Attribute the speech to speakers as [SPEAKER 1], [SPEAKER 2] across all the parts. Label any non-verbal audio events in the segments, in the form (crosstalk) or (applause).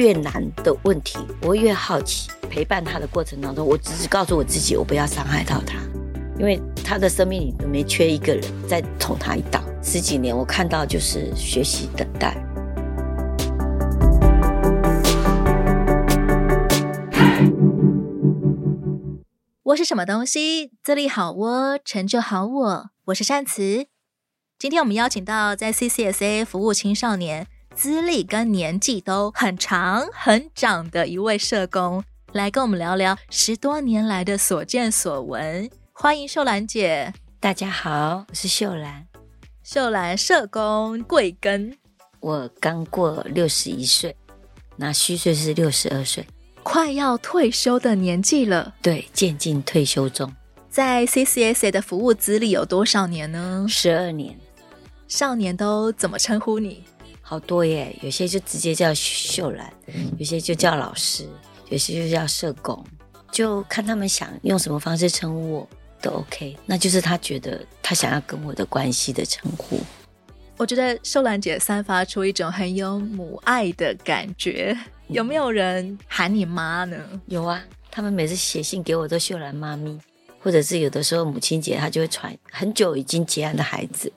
[SPEAKER 1] 越難的問題，我越好奇。陪伴他的過程當中，我只是告訴我自己，我不要傷害到他，因為他的生命裡都沒缺一個人再捅他一刀。十幾年，我看到就是學習等待。
[SPEAKER 2] 我是什麼東西？自立，好我、哦，成就好我。我是善慈。今天我們邀請到在 CCSA 服務青少年，資歷跟年紀都很長很長的一位社工，來跟我們聊聊十多年來的所見所聞。歡迎秀蘭姐。
[SPEAKER 1] 大家好，我是秀蘭。
[SPEAKER 2] 秀蘭社工，貴庚？
[SPEAKER 1] 我剛過六十一歲，那虛歲是六十二歲，
[SPEAKER 2] 快要退休的年紀了。對，
[SPEAKER 1] 漸進退休
[SPEAKER 2] 中。在 CCSA 的服務資歷有多少年呢？十二年。少年都怎麼稱呼你？好多耶，有些就直接叫秀蘭，
[SPEAKER 1] 有些就叫老師，有些就叫社工，就看他們想用什麼方式稱呼我都 OK。那就是他覺得他想要跟我的關係的稱呼。
[SPEAKER 2] 我覺得秀蘭姐散發出一種很有母愛的感覺。有沒有人喊你媽呢？有啊，他們每次寫信給我都秀蘭媽咪，
[SPEAKER 1] 或者是有的時候母親節，她就會傳很久已經結案的孩子，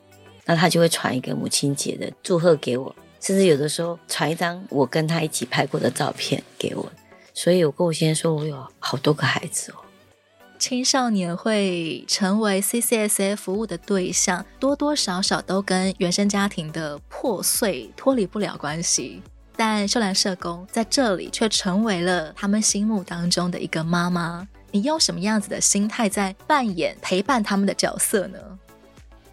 [SPEAKER 1] 那她就會傳一個母親節的祝賀給我。甚至有的時候傳一張我跟他一起拍過的照片給我，所以我跟我先生說，我有好多個孩子
[SPEAKER 2] 哦。青少年會成為 CCSA 服務的對象，多多少少都跟原生家庭的破碎脫離不了關係。但秀蘭社工在這裡卻成為了他們心目當中的一個媽媽。你用什麼樣子的心態在扮演陪伴他們的角色呢？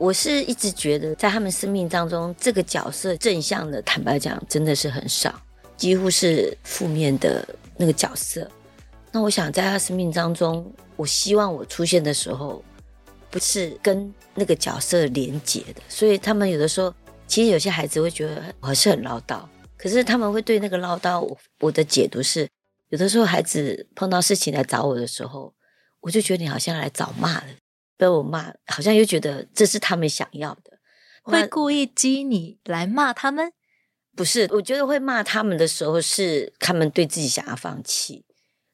[SPEAKER 1] 我是一直覺得，在他們生命當中，這個角色正向的，坦白講，真的是很少，幾乎是負面的那個角色。那我想，在他生命當中，我希望我出現的時候，不是跟那個角色連結的。所以他們有的時候，其實有些孩子會覺得我是很嘮叨，可是他們會對那個嘮叨，我我的解讀是，有的時候孩子碰到事情來找我的時候，我就覺得你好像來找罵了。被我罵，好像又覺得這是他們想要的，會故
[SPEAKER 2] 意激你來罵他們？
[SPEAKER 1] 不是，我覺得會罵他們的時候，是他們對自己想要放棄。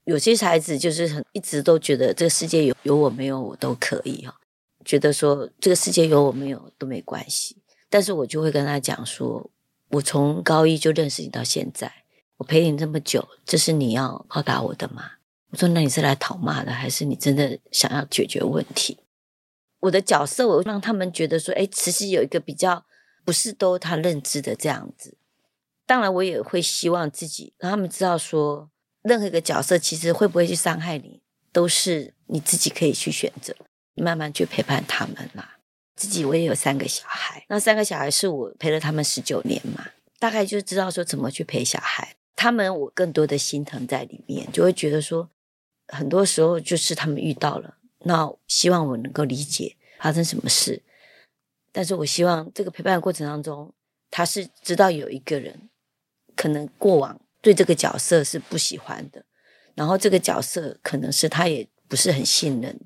[SPEAKER 1] 有些孩子就是很一直都覺得這個世界有有我沒有我都可以哦。覺得說這個世界有我沒有都沒關係。但是我就會跟他講說，我從高一就認識你到現在，我陪你這麼久，這是你要報答我的嗎？我說那你是來討罵的，還是你真的想要解決問題？我的角色，我讓他們覺得說，哎，其實有一個比較不是都他認知的這樣子。當然，我也會希望自己讓他們知道說，任何一個角色其實會不會去傷害你，都是你自己可以去選擇。慢慢去陪伴他們嘛。自己我也有三個小孩，那三個小孩是我陪了他們十九年嘛，大概就知道說怎麼去陪小孩。他們我更多的心疼在裡面，就會覺得說，很多時候就是他們遇到了，那希望我能夠理解。發生什麼事？但是我希望這個陪伴的過程當中，他是知道有一個人，可能過往對這個角色是不喜歡的，然後這個角色可能是他也不是很信任，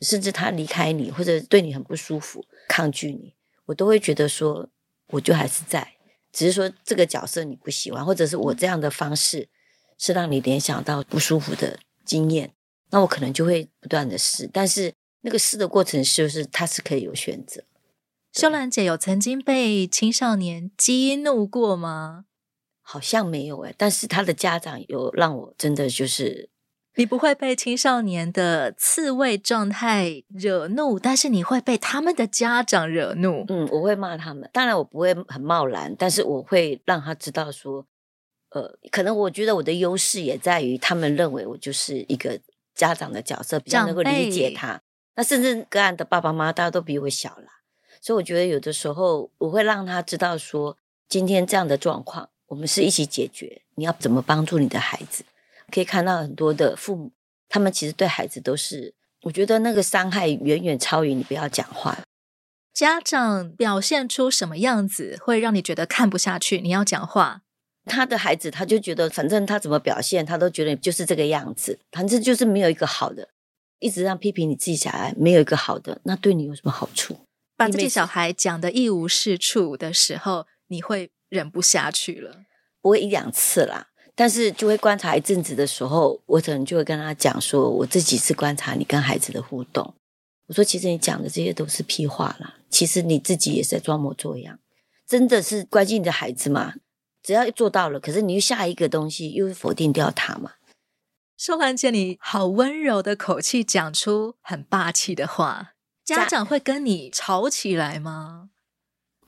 [SPEAKER 1] 甚至他離開你或者對你很不舒服、抗拒你，我都會覺得說，我就還是在，只是說這個角色你不喜歡，或者是我這樣的方式是讓你聯想到不舒服的經驗，那我可能就會不斷的試，但是。那個試的過程是不是他是可以有選擇？
[SPEAKER 2] 秀蘭姐有曾經被青少年激怒過嗎？好像沒有哎、欸，但是他的家長有
[SPEAKER 1] 讓我真的就是，
[SPEAKER 2] 你不會被青少年的刺蝟狀態惹怒，但是你會被他們的家長惹怒。嗯，我會罵他們，
[SPEAKER 1] 當然我不會很貿然，但是我會讓他知道說，呃，可能我覺得我的優勢也在於他們認為我就是一個家長的角色，比較能夠理解他。那甚至個案的爸爸媽媽大家都比我小啦，所以我覺得有的時候我會讓他知道說，今天這樣的狀況，我們是一起解決。你要怎麼幫助你的孩子？可以看到很多的父母，他們其實對孩子都是，我覺得那個傷害遠遠超於。你不要講話。
[SPEAKER 2] 家長表現出什麼樣子，會讓你覺得看不下去，你要講話？他的孩子他就覺得，反正
[SPEAKER 1] 他怎麼表現，他都覺得就是這個樣子，反正就是沒有一個好的。一直讓批評你自己小孩，沒有一個好的，那對你有什麼好處？
[SPEAKER 2] 把這些小孩講的一無是處的時候，你會忍不下去了，不會一兩次啦，但是
[SPEAKER 1] 就會觀察一陣子的時候，我可能就會跟他講說，我這幾次觀察你跟孩子的互動，我說其實你講的這些都是屁話啦，其實你自己也是在裝模作樣，真的是關心你的孩子嘛，只要做到了，可是你又下一個東西又否定掉他嘛？
[SPEAKER 2] 秀蘭姐你好溫柔的口氣講出很霸氣的話，
[SPEAKER 1] 家長
[SPEAKER 2] 會跟你吵起來嗎？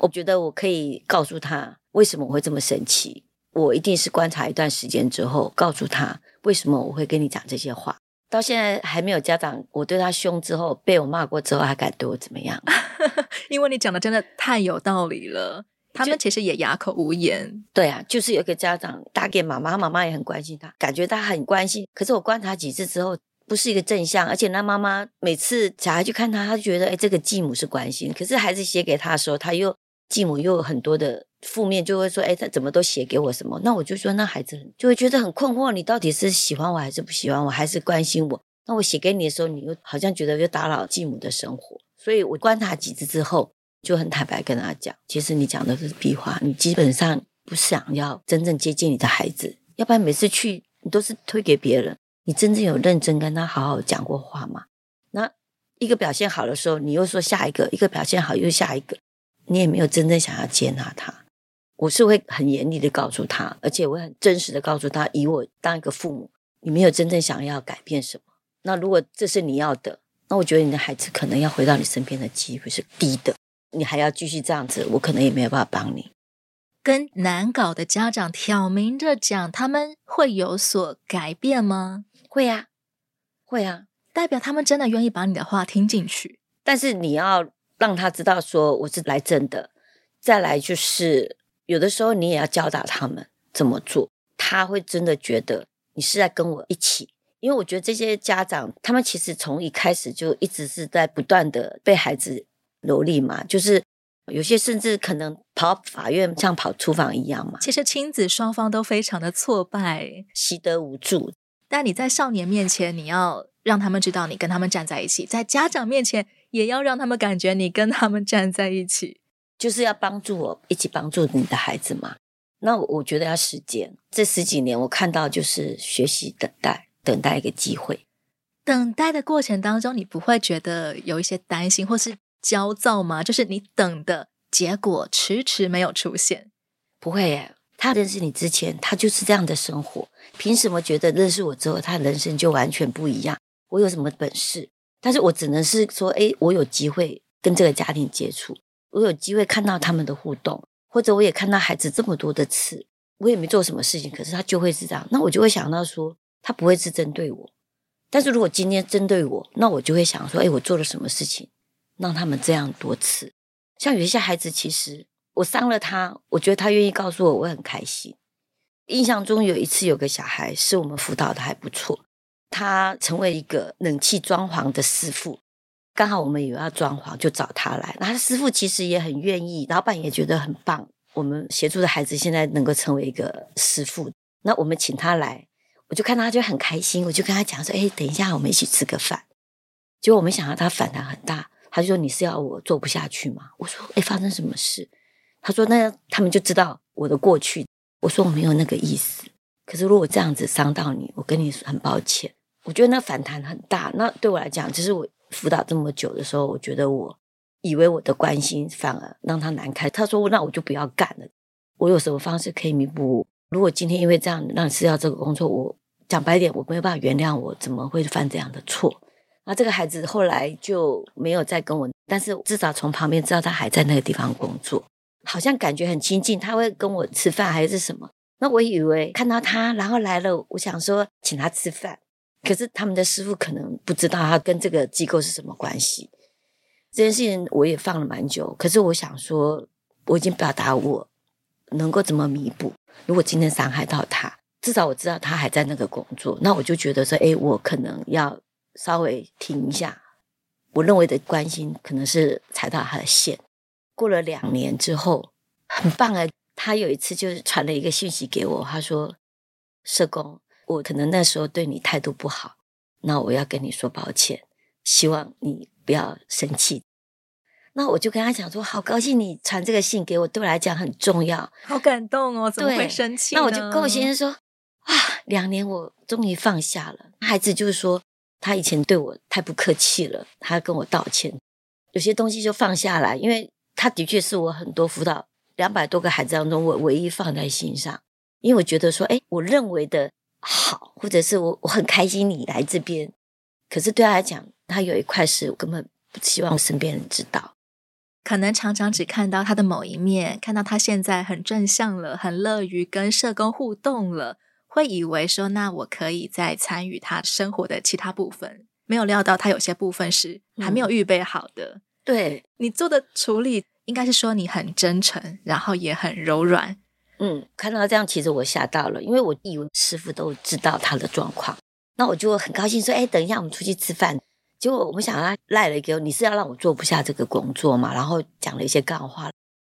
[SPEAKER 1] 我覺得我可以告訴他為什麼我會這麼生氣。我一定是觀察一段時間之後，告訴他為什麼我會跟你講這些話。到現在還沒有家長我對他凶之後被我罵過之後他還敢對我怎麼樣？
[SPEAKER 2] (laughs) 因為你講的真的太有道理了。他們其實也啞口無言。對啊，就是有一個家長打給媽媽，媽媽也
[SPEAKER 1] 很關心他，感覺他很關心。可是我觀察幾次之後，不是一個正向。而且那媽媽每次小孩去看他，他就覺得，誒，這個繼母是關心。可是孩子寫給他的時候，他又繼母又有很多的負面，就會說，哎，他怎麼都寫給我什麼？那我就說，那孩子很就會覺得很困惑，你到底是喜歡我還是不喜歡我還是關心我？那我寫給你的時候，你又好像覺得又打擾繼母的生活。所以我觀察幾次之後。就很坦白跟他講，其實你講的是屁話，你基本上不想要真正接近你的孩子，要不然每次去你都是推給別人。你真正有認真跟他好好講過話嗎？那一個表現好的時候，你又說下一個；一個表現好又下一個，你也沒有真正想要接納他。我是會很嚴厲的告訴他，而且我很真實的告訴他，以我當一個父母，你沒有真正想要改變什麼。那如果這是你要的，那我覺得你的孩子可能要回到你身邊的機會是低的。你還要繼續這樣子，我可能也沒有辦法幫你。
[SPEAKER 2] 跟難搞的家長挑明着講，他們會有所改變嗎？會啊，會啊，代表他們真的願意把你的話聽進去。
[SPEAKER 1] 但是你要讓他知道，說我是來真的。再來就是，有的時候你也要教導他們怎麼做，他會真的覺得你是在跟我一起。因為我覺得這些家長，他們其實從一開始就一直是在不斷的被孩子。努力嘛，就是有些甚至可能跑法院，像跑廚房一樣嘛。
[SPEAKER 2] 其實親子雙方都非常的挫敗、習得無助。但你在少年面前，你要讓他們知道你跟他們站在一起；在家長面前，也要讓他們感覺你跟他們站在一起。就是要幫助我
[SPEAKER 1] 一起幫助你的孩子嘛。那我，我覺得要時間，這十幾年我看到就是學習等待，等待一個機會。
[SPEAKER 2] 等待的過程當中，你不會覺得有一些擔心，或是。焦躁嗎？就是你等的結果遲遲沒有出現，不會耶。他認識你之前，他就是這樣的生活。
[SPEAKER 1] 憑什麼覺得認識我之後，他人生就完全不一樣？我有什麼本事？但是我只能是說，誒、哎，我有機會跟這個家庭接觸，我有機會看到他們的互動，或者我也看到孩子這麼多的刺，我也沒做什麼事情，可是他就會是這樣。那我就會想到說，他不會是針對我。但是如果今天針對我，那我就會想說，誒、哎，我做了什麼事情？讓他們這樣多次，像有一些孩子，其實我傷了他，我覺得他願意告訴我，我很開心。印象中有一次，有個小孩是我們輔導的還不錯，他成為一個冷氣裝潢的師傅。剛好我們有要裝潢，就找他來。那他師傅其實也很願意，老闆也覺得很棒。我們協助的孩子現在能夠成為一個師傅，那我們請他來，我就看到他就很開心，我就跟他講說：“誒、欸，等一下，我們一起吃個飯。”結果我沒想到他反彈很大。他就說：“你是要我做不下去嗎？”我說：“哎，發生什麼事？”他說：“那他們就知道我的過去。”我說：“我沒有那個意思。”可是如果這樣子傷到你，我跟你說很抱歉。我覺得那反彈很大。那對我來講，其實我輔導這麼久的時候，我覺得我以為我的關心反而讓他難堪。他說：“那我就不要幹了。我有什麼方式可以彌補我？如果今天因為這樣讓你失掉這個工作，我講白點，我沒有辦法原諒。我怎麼會犯這樣的錯？”那這個孩子後來就沒有再跟我，但是至少從旁邊知道他還在那個地方工作，好像感覺很親近。他會跟我吃飯還是什麼？那我以為看到他，然後來了，我想說請他吃飯。可是他們的師傅可能不知道他跟這個機構是什麼關係。這件事情我也放了蠻久，可是我想說，我已經表達我能夠怎麼彌補。如果今天傷害到他，至少我知道他還在那個工作，那我就覺得說，誒，我可能要。稍微停一下，我認為的關心可能是踩到他的線。過了兩年之後，很棒啊！他有一次就是傳了一個信息給我，他說：“社工，我可能那時候對你態度不好，那我要跟你說抱歉，希望你不要生氣。”那我就跟他講說：“好高興你傳這個信給我，對我來講很重要。”
[SPEAKER 2] 好感動哦，怎麼會生氣？那我就跟我先生說：“
[SPEAKER 1] 哇，兩年我終於放下了。”孩子就是說。他以前對我太不客氣了，他跟我道歉，有些東西就放下來，因為他的確是我很多輔導兩百多個孩子當中我唯一放在心上，因為我覺得說，誒，我認為的好，或者是我我很開心你來這邊，可是對他來講，他有一塊是我根本不希望身邊人知道，
[SPEAKER 2] 可能常常只看到他的某一面，看到他現在很正向了，很樂於跟社工互動了。會以為說，那我可以再參與他生活的其他部分，沒有料到他有些部分是還沒有預備好的。嗯、對你做的處理，應該是說你很真誠，然後也很柔軟。嗯，看到他這樣，其實我嚇到了，因為我以為師傅
[SPEAKER 1] 都知道他的狀況，那我就很高興說，哎，等一下我們出去吃飯。結果我們想他賴了一個，你是要讓我做不下這個工作嘛？然後講了一些幹話，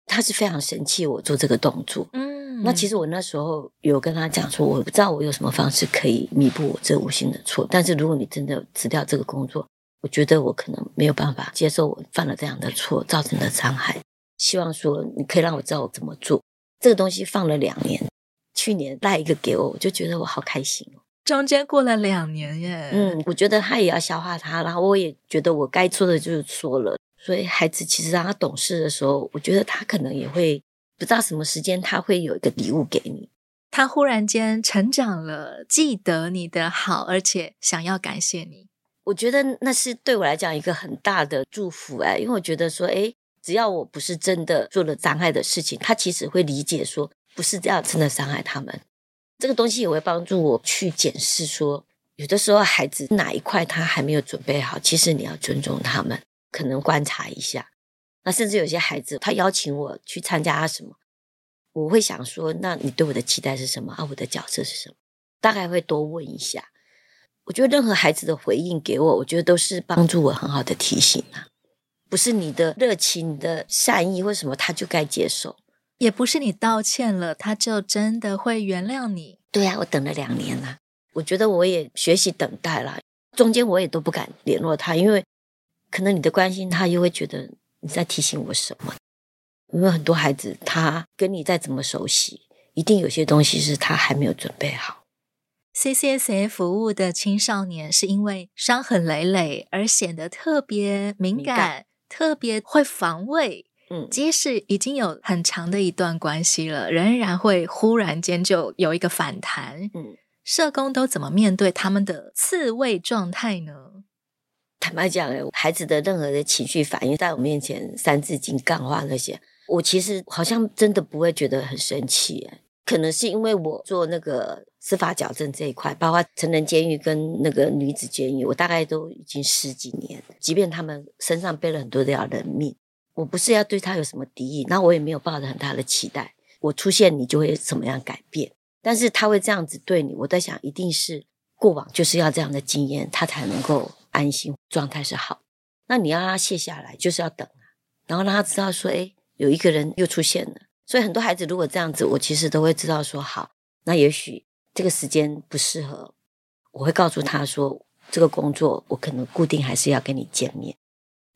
[SPEAKER 1] 他是非常神氣我做這個動作。嗯。嗯、那其實我那時候有跟他講說，我不知道我有什麼方式可以彌補我這無形的錯。但是如果你真的辭掉這個工作，我覺得我可能沒有辦法接受我犯了這樣的錯造成的傷害。希望說你可以讓我知道我怎麼做。這個東西放了兩年，去年帶一個給我，我就覺得我好開心哦。
[SPEAKER 2] 中間過了兩年耶。嗯，
[SPEAKER 1] 我覺得他也要消化他，然後我也覺得我該做的就是做了。所以孩子其實讓他懂事的時候，我覺得他可能也會。不知道什麼時間他會有一個禮物給你，
[SPEAKER 2] 他忽然間成長了，記得你的好，而且想要感謝你。我覺得那是對我來
[SPEAKER 1] 講一個很大的祝福哎，因為我覺得說，誒，只要我不是真的做了傷害的事情，他其實會理解說，不是這樣真的傷害他們。這個東西也會幫助我去檢視說，有的時候孩子哪一塊他還沒有準備好，其實你要尊重他們，可能觀察一下。那甚至有些孩子，他邀請我去參加、啊、什麼，我會想說，那你對我的期待是什麼啊？我的角色是什麼？大概會多問一下。我覺得任何孩子的回應給我，我覺得都是幫助我很好的提醒啊。不是你的熱情、你的善意，為什麼他就該接
[SPEAKER 2] 受？也不是你道歉了，他就真的會原諒你。對啊，我等了兩
[SPEAKER 1] 年了，我覺得我也學習等待了。中間我也都不敢聯絡他，因為可能你的關心，他又會覺得。你在提醒我什麼？因為很多孩子，他跟你再怎麼熟悉，一定有些東西是他還沒有準備好。
[SPEAKER 2] CCSA 服務的青少年是因為傷痕累累而顯得特別敏感，敏感、特別會防衛。嗯，即使已經有很長的一段關係了，仍然會忽然間就有一個反彈。嗯，社工都怎麼面對他們的刺蝟狀態呢？坦白講、欸，
[SPEAKER 1] 孩子的任何的情緒反應，在我面前，三字經、幹話那些，我其實好像真的不會覺得很生氣、欸。可能是因為我做那個司法矯正這一塊，包括成人監獄跟那個女子監獄，我大概都已經十幾年。即便他們身上背了很多條人命，我不是要對他有什麼敵意，那我也沒有抱着很大的期待，我出現你就會怎麼樣改變。但是他會這樣子對你，我在想，一定是過往就是要這樣的經驗，他才能夠。安心，狀態是好，那你要讓他卸下來，就是要等啊，然後讓他知道說，誒，有一個人又出現了。所以很多孩子如果這樣子，我其實都會知道說，好，那也許這個時間不適合，我會告訴他說，這個工作我可能固定還是要跟你見面，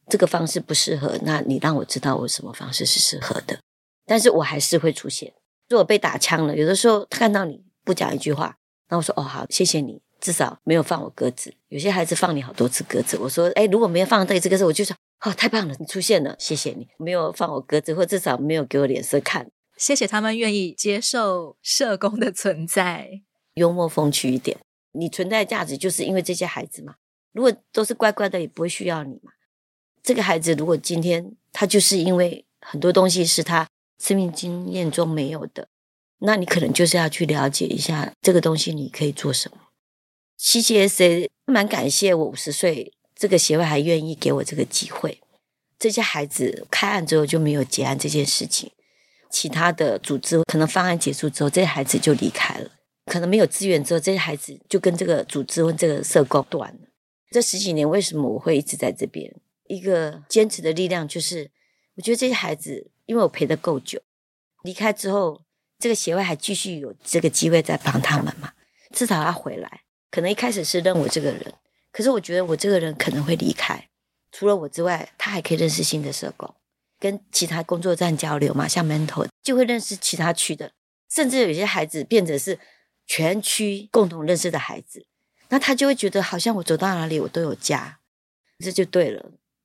[SPEAKER 1] 這個方式不適合，那你讓我知道我什麼方式是適合的，但是我還是會出現。如果被打槍了，有的時候看到你不講一句話，那我說，哦，好，謝謝你。至少沒有放我鴿子，有些孩子放你好多次鴿子。我說，哎、欸，如果沒有放對，這個時候我就說，哦，太棒了，你出現了，謝謝你，沒有放我鴿子，或至少沒有給我臉色看。
[SPEAKER 2] 謝謝他們願意接受社工的存在，
[SPEAKER 1] 幽默風趣一點。你存在的價值就是因為這些孩子嘛。如果都是乖乖的，也不會需要你嘛。這個孩子如果今天他就是因為很多東西是他生命經驗中沒有的，那你可能就是要去了解一下這個東西，你可以做什麼。CCSA 蠻感謝我五十歲，這個協會還願意給我這個機會。這些孩子開案之後就沒有結案這件事情，其他的組織可能方案結束之後，這些孩子就離開了，可能沒有資源之後，這些孩子就跟這個組織跟這個社工斷了。這十幾年為什麼我會一直在這邊？一個堅持的力量就是，我覺得這些孩子因為我陪得夠久，離開之後這個協會還繼續有這個機會再幫他們嘛，至少要回來。可能一開始是認我這個人，可是我覺得我這個人可能會離開。除了我之外，他還可以認識新的社工，跟其他工作站交流嘛，像 mentor 就會認識其他區的，甚至有些孩子變成是全區共同認識的孩子，那他就會覺得好像我走到哪裡我都有家。這就對了，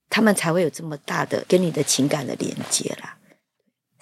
[SPEAKER 1] 他們才會有這麼大的跟你的情感的連接啦。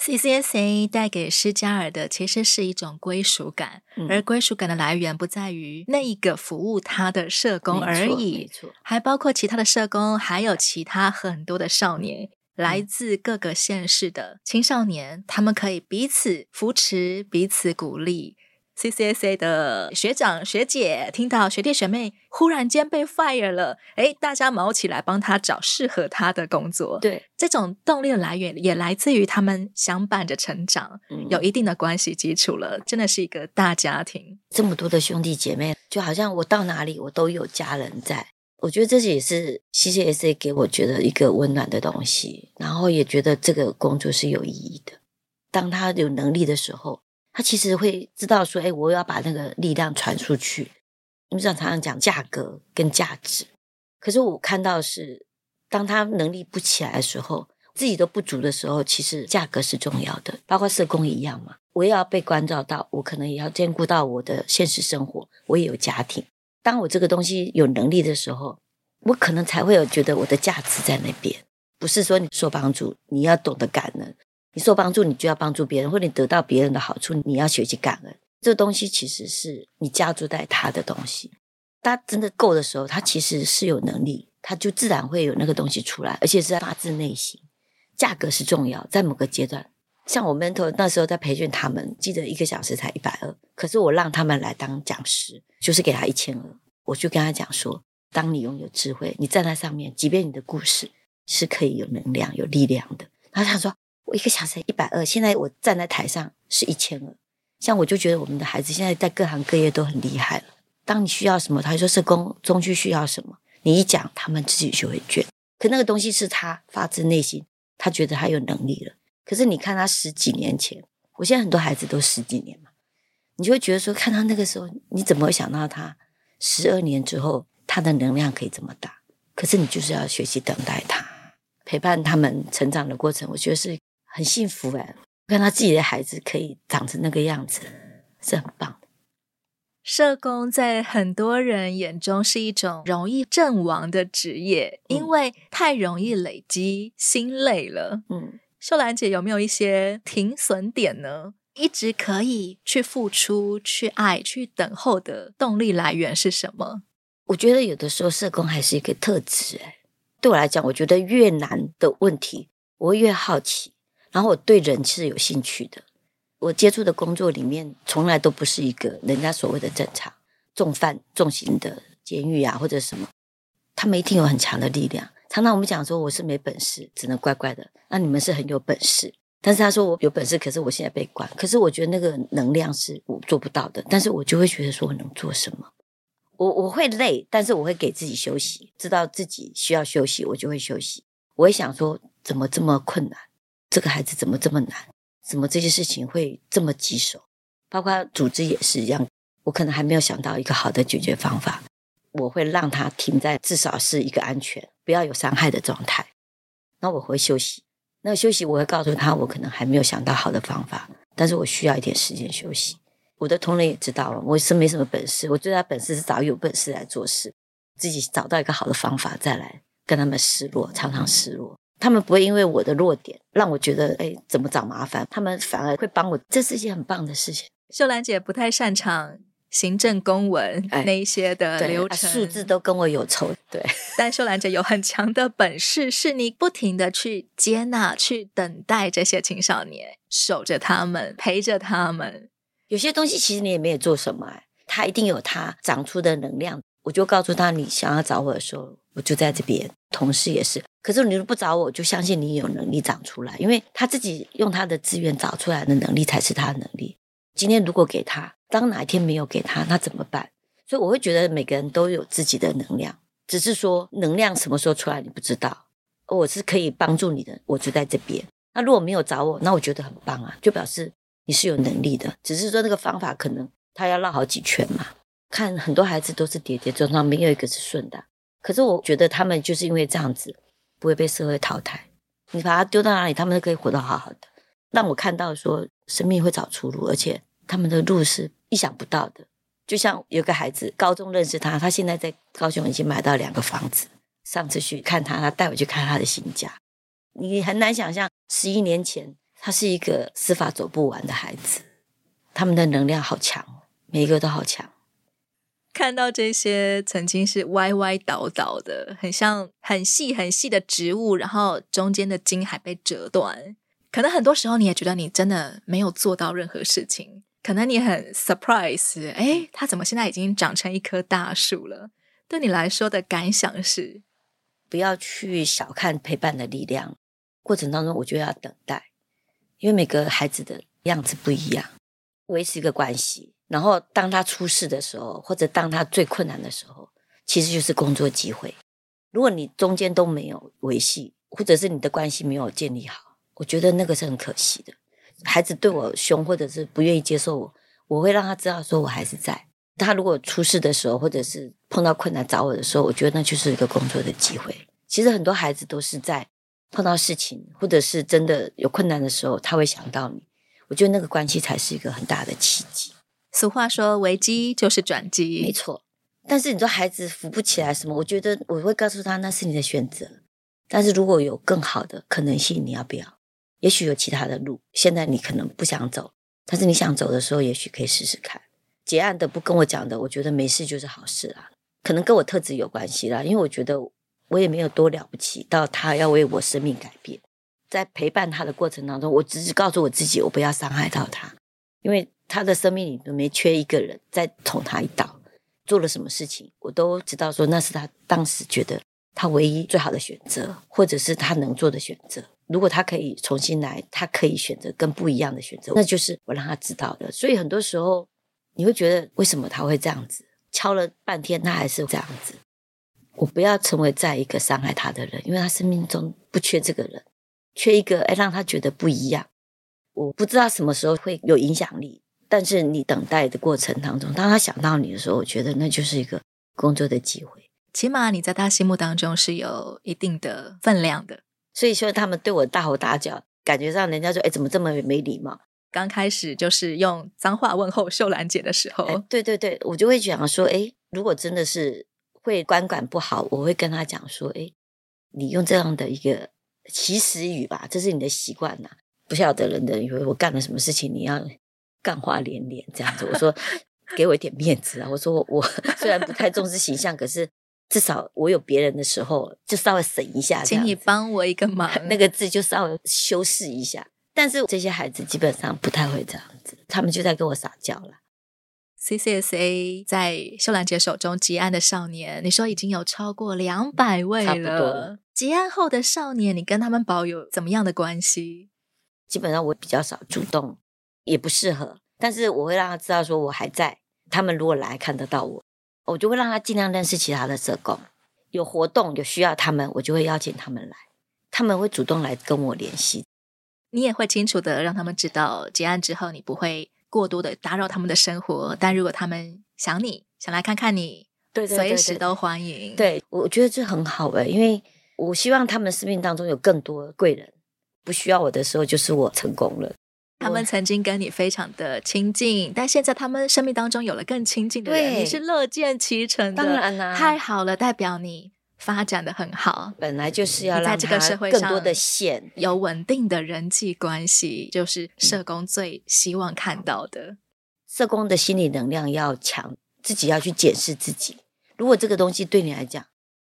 [SPEAKER 2] C C S A 帶給施加爾的其實是一種歸屬感。嗯、而歸屬感的來源不在於那一個服務他的社工而已，沒錯、沒錯，還包括其他的社工，還有其他很多的少年、嗯，來自各個縣市的青少年，他們可以彼此扶持，彼此鼓勵。CCSA 的學長學姐聽到學弟學妹忽然間被 fire 了，誒，大家忙起來幫他找適合他的工作。對，這種動力的來源也來自於他們相伴着成長，嗯，有一定的關係基礎了，真的是一個大家庭。這麼多的兄弟
[SPEAKER 1] 姐妹，就好像我到哪裡我都有家人在。我覺得這也是 CCSA 給我覺得一個溫暖的東西，然後也覺得這個工作是有意義的。當他有能力的時候。他其實會知道說，哎，我要把那個力量傳出去。我們常常講價格跟價值，可是我看到的是，當他能力不起來的時候，自己都不足的時候，其實價格是重要的。包括社工一樣嘛，我也要被關照到，我可能也要兼顧到我的現實生活，我也有家庭。當我這個東西有能力的時候，我可能才會有覺得我的價值在那邊。不是說你受幫助，你要懂得感恩。你受幫助，你就要幫助別人，或者你得到別人的好處，你要學習感恩。這個東西其實是你加注在他的東西。他真的夠的時候，他其實是有能力，他就自然會有那個東西出來，而且是在發自內心。價格是重要，在某個階段，像我們頭那時候在培訓他們，記得一個小時才一百二。可是我讓他們來當講師，就是給他一千二。我就跟他講說，當你擁有智慧，你站在上面，即便你的故事是可以有能量、有力量的。然後他想說。我一個小時一百二，現在我站在台上是一千二。像我就覺得我們的孩子現在在各行各業都很厲害了。當你需要什麼，他就說社工中去需要什麼，你一講，他們自己就會捲。可那個東西是他發自內心，他覺得他有能力了。可是你看他十幾年前，我現在很多孩子都十幾年嘛，你就會覺得說，看他那個時候，你怎麼會想到他十二年之後他的能量可以這麼大？可是你就是要學習等待他，陪伴他們成長的過程，我覺得是。很幸福哎，看他自己的孩子可以長成那個樣子，是很棒的。
[SPEAKER 2] 社工在很多人眼中是一種容易陣亡的職業，嗯、因為太容易累積心累了。嗯，秀蘭姐有沒有一些停損點呢？一直可以去付出、去愛、去等候的動力來源是什麼？
[SPEAKER 1] 我覺得有的時候社工還是一個特質哎。對我來講，我覺得越難的問題，我越好奇。然後我對人是有興趣的，我接觸的工作裡面從來都不是一個人家所謂的正常重犯，重刑的監獄啊或者什麼，他們一定有很強的力量。常常我們講說，我是沒本事，只能乖乖的，啊。那你們是很有本事，但是他說我有本事，可是我現在被關，可是我覺得那個能量是我做不到的。但是我就會覺得說我能做什麼？我我會累，但是我會給自己休息，知道自己需要休息，我就會休息。我會想說，怎麼這麼困難？這個孩子怎麼這麼難？怎麼這些事情會這麼棘手？包括組織也是一樣，我可能還沒有想到一個好的解決方法。我會讓他停在至少是一個安全、不要有傷害的狀態。那我會休息。那個、休息，我會告訴他，我可能還沒有想到好的方法，但是我需要一點時間休息。我的同仁也知道了，我是沒什麼本事，我最大本事是找有本事來做事，自己找到一個好的方法再來跟他們示弱，常常示弱。他們不會因為我的弱點，讓我覺得哎，怎麼找麻煩。他們反而會幫我，這是一件很棒的事情。
[SPEAKER 2] 秀蘭姐不太擅長行政公文那一些的流程，哎啊，數字
[SPEAKER 1] 都跟我有仇，對。
[SPEAKER 2] 但秀蘭姐有很強的本事，是你不停的去接納、去等待這些青少年，守着他們，陪着他們。有些東西其實你也沒有做什麼，哎，他一定有他
[SPEAKER 1] 長出的能量。我就告訴他，你想要找我的時候，我就在這邊。同事也是，可是你如果不找我，我就相信你有能力長出來，因為他自己用他的資源找出來的能力才是他的能力。今天如果給他，當哪一天沒有給他，那怎麼辦？所以我會覺得每個人都有自己的能量，只是說能量什麼時候出來你不知道。我是可以幫助你的，我就在這邊。那如果沒有找我，那我覺得很棒啊，就表示你是有能力的，只是說那個方法可能他要繞好幾圈嘛。看很多孩子都是跌跌撞撞，沒有一個是順的。可是我覺得他們就是因為這樣子，不會被社會淘汰。你把他丟到哪裡，他們都可以活得好好的。讓我看到說生命會找出路，而且他們的路是意想不到的。就像有個孩子，高中認識他，他現在在高雄已經買到兩個房子。上次去看他，他帶我去看他的新家。你很難想象，十一年前，他是一個司法走不完的孩子。他們的能量好強，每一個都好強。
[SPEAKER 2] 看到這些曾經是歪歪倒倒的，很像很細很細的植物，然後中間的莖還被折斷，可能很多時候你也覺得你真的沒有做到任何事情，可能你很 surprise，誒，他怎麼現在已經長成一棵大樹了？對你來說的感想是，不要去
[SPEAKER 1] 小看陪伴的力量。過程當中，我就要等待，因為每個孩子的樣子不一樣，維持一個關係。然後當他出事的時候，或者當他最困難的時候，其實就是工作機會。如果你中間都沒有維繫，或者是你的關係沒有建立好，我覺得那個是很可惜的。孩子對我凶，或者是不願意接受我，我會讓他知道說我還是在。他如果出事的時候，或者是碰到困難找我的時候，我覺得那就是一個工作的機會。其實很多孩子都是在碰到事情，或者是真的有困難的時候，他會想到你。我覺得那個關係才是一個很大的契機。俗話說，危機就是轉機。沒錯，但是你說孩子扶不起來，什麼？我覺得我會告訴他，那是你的選擇。但是如果有更好的可能性，你要不要？也許有其他的路，現在你可能不想走，但是你想走的時候，也許可以試試看。結案的不跟我講的，我覺得沒事就是好事啦。可能跟我特質有關係啦，因為我覺得我也沒有多了不起到他要為我生命改變。在陪伴他的過程當中，我只是告訴我自己，我不要傷害到他。因為他的生命裡都沒缺一個人再捅他一刀。做了什麼事情，我都知道，說那是他當時覺得他唯一最好的選擇，或者是他能做的選擇。如果他可以重新來，他可以選擇跟不一樣的選擇，那就是我讓他知道的。所以很多時候你會覺得，為什麼他會這樣子？敲了半天，他還是這樣子。我不要成為再一個傷害他的人，因為他生命中不缺這個人，缺一個哎讓他覺得不一樣。我不知道什麼時候會有影響力，但是你等待的過程當中，當他想到你的時候，我覺得那就是一個工作的機會，
[SPEAKER 2] 起碼你在他心目當中是有一定的分量的。所以說，他們對我大吼大叫，感覺讓人家說：“哎，怎麼這麼沒禮貌？”
[SPEAKER 1] 剛開始就是用髒話問候秀蘭姐的時候，對對對，我就會講說：“哎，如果真的是會觀感不好，我會跟他講說：‘哎，你用這樣的一個起始語吧，這是你的習慣呐、啊。’”不曉得的人的，以為我幹了什麼事情，你要幹話連連這樣子。我說 (laughs) 給我一點面子啊！我說我，我雖然不太重視形象， (laughs) 可是至少我有別人的時候，就稍微省一下。請你幫我一個忙， (laughs) 那個字就稍微修飾一下。但是這些孩子基本上不太會這樣子，他們就在跟我撒嬌啦、嗯、
[SPEAKER 2] 了。C C S A 在秀蘭姐手中結案的少年，你說已經有超過兩百位了。結案後的少年，你跟他們保有怎麼樣的關係？基本上我比較少主動，也不適合。
[SPEAKER 1] 但是我會讓他知道，說我還在。他們如果來看得到我，我就會讓他儘量認識其他的社工。有活動有需要他們，我就會邀請他們來。他們會主動來跟我聯繫。
[SPEAKER 2] 你也會清楚的讓他們知道，結案之後你不會過多的打擾他們的生活。但如果他們想你，想來看看你，對，對，對，對，對，隨時都歡迎。
[SPEAKER 1] 對，我覺得這很好哎，因為我希望他們生命當中有更多貴人。不需要我的時候，就是我成功了。
[SPEAKER 2] 他們曾經跟你非常的親近，但現在他們生命當中有了更親近的人，對，你是樂見其成的，當然啦，太好了，代表你發展的很好，嗯。本來就是要，嗯，在這個社會上更多的線，有穩定的人際關係，嗯，就是社工最希望看到的，嗯。
[SPEAKER 1] 社工的心理能量要強，自己要去檢視自己。如果這個東西對你來講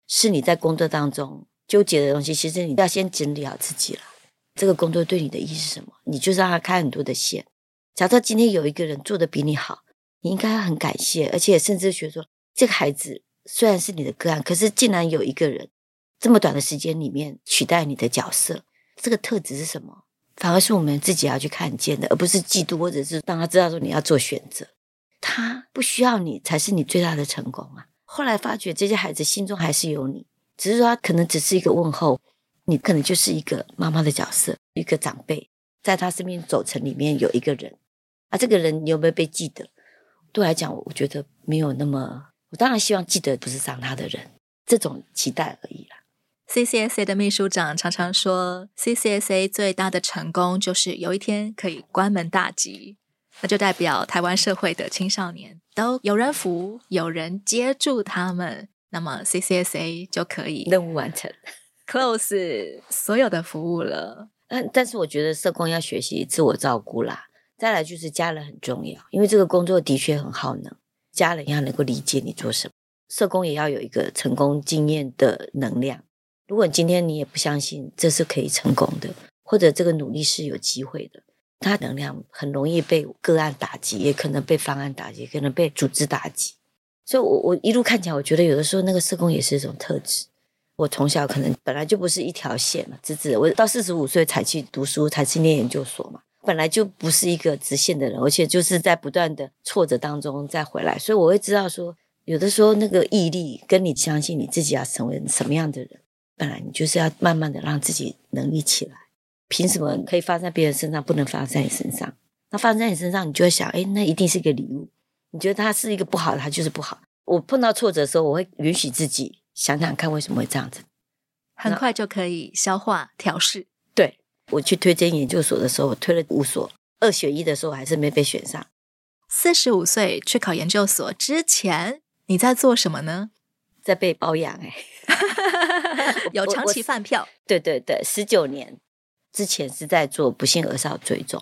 [SPEAKER 1] 是你在工作當中糾結的東西，其實你要先整理好自己了。這個工作對你的意義是什麼？你就是讓他開很多的線。假設今天有一個人做得比你好，你應該很感謝，而且甚至覺得說這個孩子雖然是你的個案，可是竟然有一個人這麼短的時間裡面取代你的角色，這個特質是什麼？反而是我們自己要去看見的，而不是嫉妒或者是讓他知道說你要做選擇。他不需要你才是你最大的成功啊。後來發覺這些孩子心中還是有你，只是說他可能只是一個問候。你可能就是一個媽媽的角色，一個長輩，在他生命走程裡面有一個人，啊，這個人你有沒有被記得？對我來講，我覺得沒有那麼，我當然希望記得不是傷他的人，這種期待而已啦。
[SPEAKER 2] CCSA 的祕書長常常說，CCSA 最大的成功就是有一天可以關門大吉，那就代表台灣社會的青少年都有人扶，有人接住他們，那麼 CCSA 就可以任務完成，
[SPEAKER 1] close 所有的服務了，但、嗯、但是我覺得社工要學習自我照顧啦。再來就是家人很重要，因為這個工作的確很耗能，家人要能夠理解你做什麼。社工也要有一個成功經驗的能量。如果今天你也不相信這是可以成功的，或者這個努力是有機會的，那能量很容易被個案打擊，也可能被方案打擊，也可能被組織打擊。所以我，我我一路看起來，我覺得有的時候那個社工也是一種特質。我從小可能本來就不是一條線嘛，直直。我到四十五歲才去讀書，才去念研究所嘛，本來就不是一個直線的人，而且就是在不斷的挫折當中再回來，所以我會知道說，有的時候那個毅力跟你相信你自己要成為什麼樣的人，本來你就是要慢慢的讓自己能力起來。憑什麼可以發生在別人身上，不能發生在你身上？那發生在你身上，你就會想，哎，那一定是一個禮物。你覺得他是一個不好的，他就是不好。我碰到挫折的時候，我會允許自己。想想看，為什麼會這樣子？
[SPEAKER 2] 很快就可以消化調試。
[SPEAKER 1] 對我去推薦研究所的時候，我推了五所，
[SPEAKER 2] 二選一的時候，還是沒被選上。四十五歲去考研究所之前，你在做什麼呢？在被包養哎、欸， (laughs) (laughs) 有長期飯
[SPEAKER 1] 票。對對對，十九年之前是在做不幸兒少追蹤，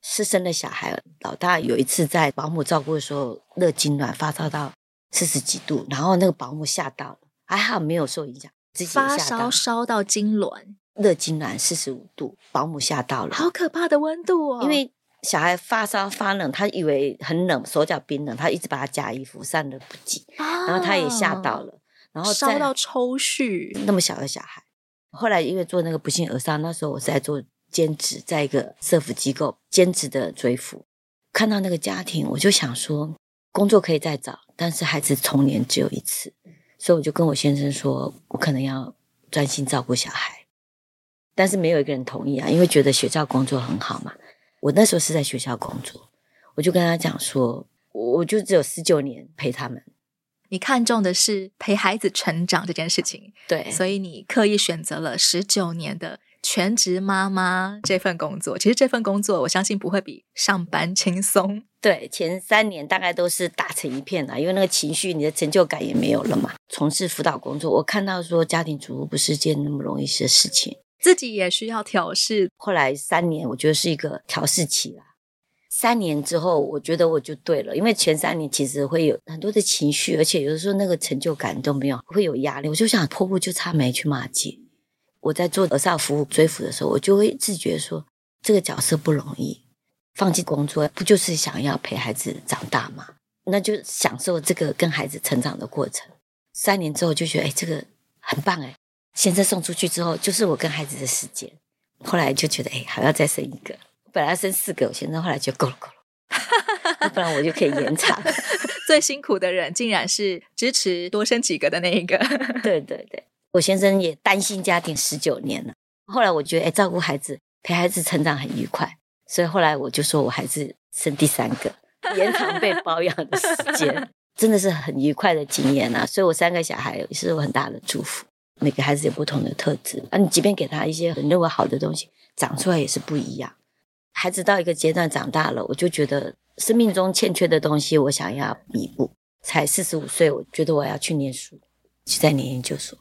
[SPEAKER 1] 是生了小孩，老大有一次在保姆照顧的時候，熱痙攣，發燒到四十幾度，然後那個保姆嚇到。還好沒有受影響，發燒燒到痙攣，熱痙攣四十五度，保姆嚇到了，好可怕的溫度哦！因為小孩發燒發冷，他以為很冷，手腳冰冷，他一直把他加衣服，散熱不及、啊、然後他也嚇到了，然後燒到
[SPEAKER 2] 抽搐。
[SPEAKER 1] 那麼小的小孩，後來因為做那個不幸而傷，那時候我是在做兼職，在一個社服機構兼職的追撫，看到那個家庭，我就想說，工作可以再找，但是孩子童年只有一次。所以我就跟我先生說，我可能要專心照顧小孩，但是沒有一個人同意啊，因為覺得學校工作很好嘛。我那時候是
[SPEAKER 2] 在學校工作，我就跟他講說，我就只有十九年陪他們。你看重的是陪孩子成長這件事情，對，所以你刻意選擇了十九年的。全職媽媽這份工作，其實這份工作，我相信不會比上班輕鬆。
[SPEAKER 1] 對，前三年大概都是打成一片了，因為那個情緒，你的成就感也沒有了嘛。從事輔導工作，我看到說家庭主婦不是件那麼容易的事情，自己也需要調適。後來三年，我覺得是一個調適期啦。三年之後，我覺得我就對了，因為前三年其實會有很多的情緒，而且有的時候那個成就感都沒有，會有壓力。我就想，婆布就差沒去罵街。我在做兒少服務追服的時候，我就會自覺說，這個角色不容易，放棄工作，不就是想要陪孩子長大嗎？那就享受這個跟孩子成長的過程。三年之後就覺得，哎、欸，這個很棒哎、欸。先生送出去之後，就是我跟孩子的時間。後來就覺得，哎、欸，還要再生一個。本來要生四個，我現在後來就夠了，夠
[SPEAKER 2] 了。不
[SPEAKER 1] 然我就可以延長。
[SPEAKER 2] (laughs) 最辛苦的人，竟然是支持多生幾個的那一個。 (laughs) 對對對。
[SPEAKER 1] 我先生也單親家庭十九年了。後來我覺得哎，照顧孩子、陪孩子成長很愉快，所以後來我就說，我還是生第三個，延長被包養的時間，真的是很愉快的經驗啊。所以，我三個小孩也是我很大的祝福。每個孩子有不同的特質啊，你即便給他一些你認為好的東西，長出來也是不一樣。孩子到一個階段長大了，我就覺得生命中欠缺的東西，我想要彌補。才四十五歲，我覺得我要去念書，去再念研究所。